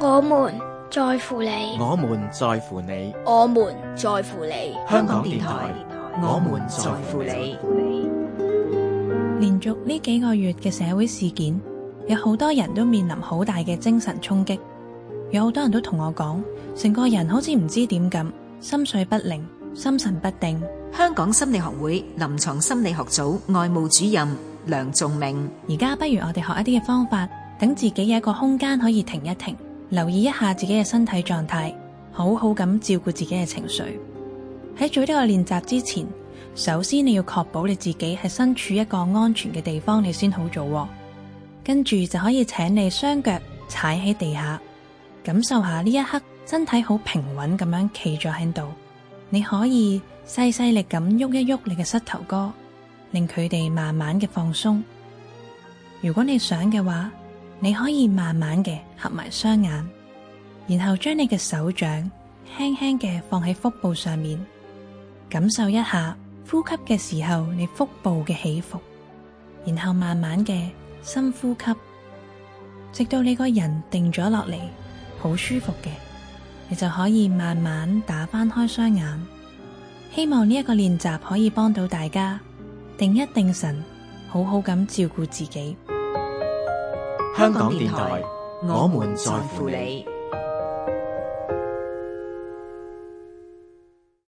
我們在乎你，我們在乎你，我們在乎你。香港電台我們在乎你。連續呢幾個月嘅社會事件，有好多人都面臨好大嘅精神衝擊，有好多人都同我講，成個人好似唔知點咁，心緒不寧，心神不定。香港心理學會臨床心理學組外務主任梁重皿，而家不如我哋學一啲嘅方法，等自己有一個空間可以停一停。留意一下自己嘅身體狀態，好好咁照顧自己嘅情緒。喺做呢個練習之前，首先你要確保你自己係身處一個安全嘅地方，你先好做喎。跟住就可以請你雙腳踩喺地下，感受下呢一刻身體好平穩咁樣企咗喺度。你可以細細力咁喐一喐你嘅膝頭哥，令佢哋慢慢嘅放鬆。如果你想嘅話。你可以慢慢嘅合埋雙眼，然後將你嘅手掌輕輕嘅放喺腹部上面，感受一下呼吸嘅時候你腹部嘅起伏，然後慢慢嘅深呼吸，直到你個人定咗落嚟，好舒服嘅，你就可以慢慢打翻開雙眼。希望呢一個練習可以幫到大家，定一定神，好好咁照顧自己。香港電台，我們在乎你。